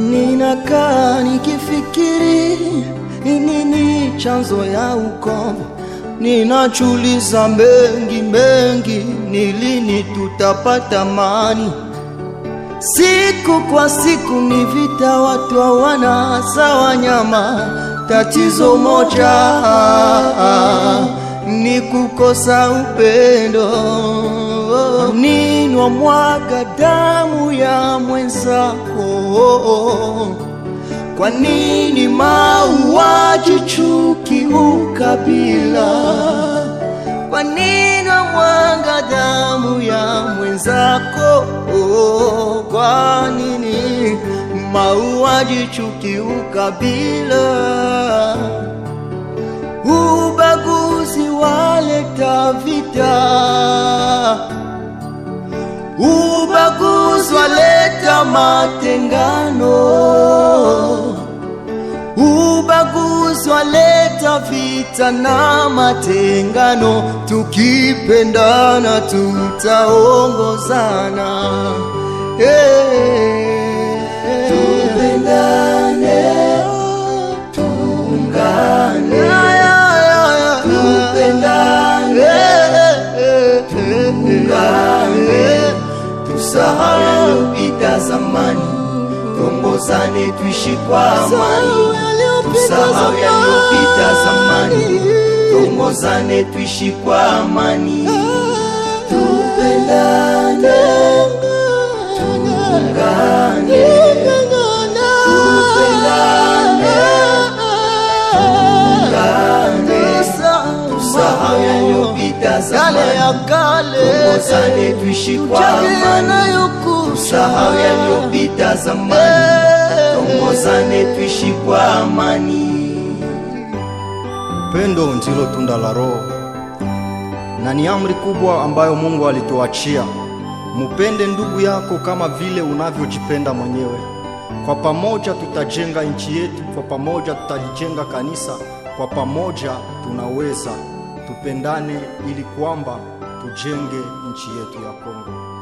Ninakaa nikifikiri inini chanzo ya ukombo ninachuliza mengi mengi, nilini tutapata mani Siku kwa siku ni vita, watu hawana sawa nyama. Tatizo moja ni kukosa upendo wamwaga damu ya mwenzako? Kwa nini mauaji, chuki, ukabila? Kwa nini wamwaga damu ya mwenzako? Kwa nini mauaji, chuki, ukabila? Ubaguzi waleta vita Ubaguzi waleta matengano, ubaguzi waleta vita na matengano. Tukipendana tutaongozana hey. yanayopita zamani, tuongozane tuishi kwa amani, tusahau zamani, tuongozane tuishi kwa amani, tupendane, yale ya kale, tuishi kwa amani tusahau yaliyopita zamani, tongozane tuishi kwa amani. Upendo ndilo tunda la Roho na ni amri kubwa ambayo Mungu alituachia: mupende ndugu yako kama vile unavyojipenda mwenyewe. Kwa pamoja tutajenga nchi yetu, kwa pamoja tutalijenga kanisa, kwa pamoja tunaweza. Tupendane ili kwamba tujenge nchi yetu ya Kongo.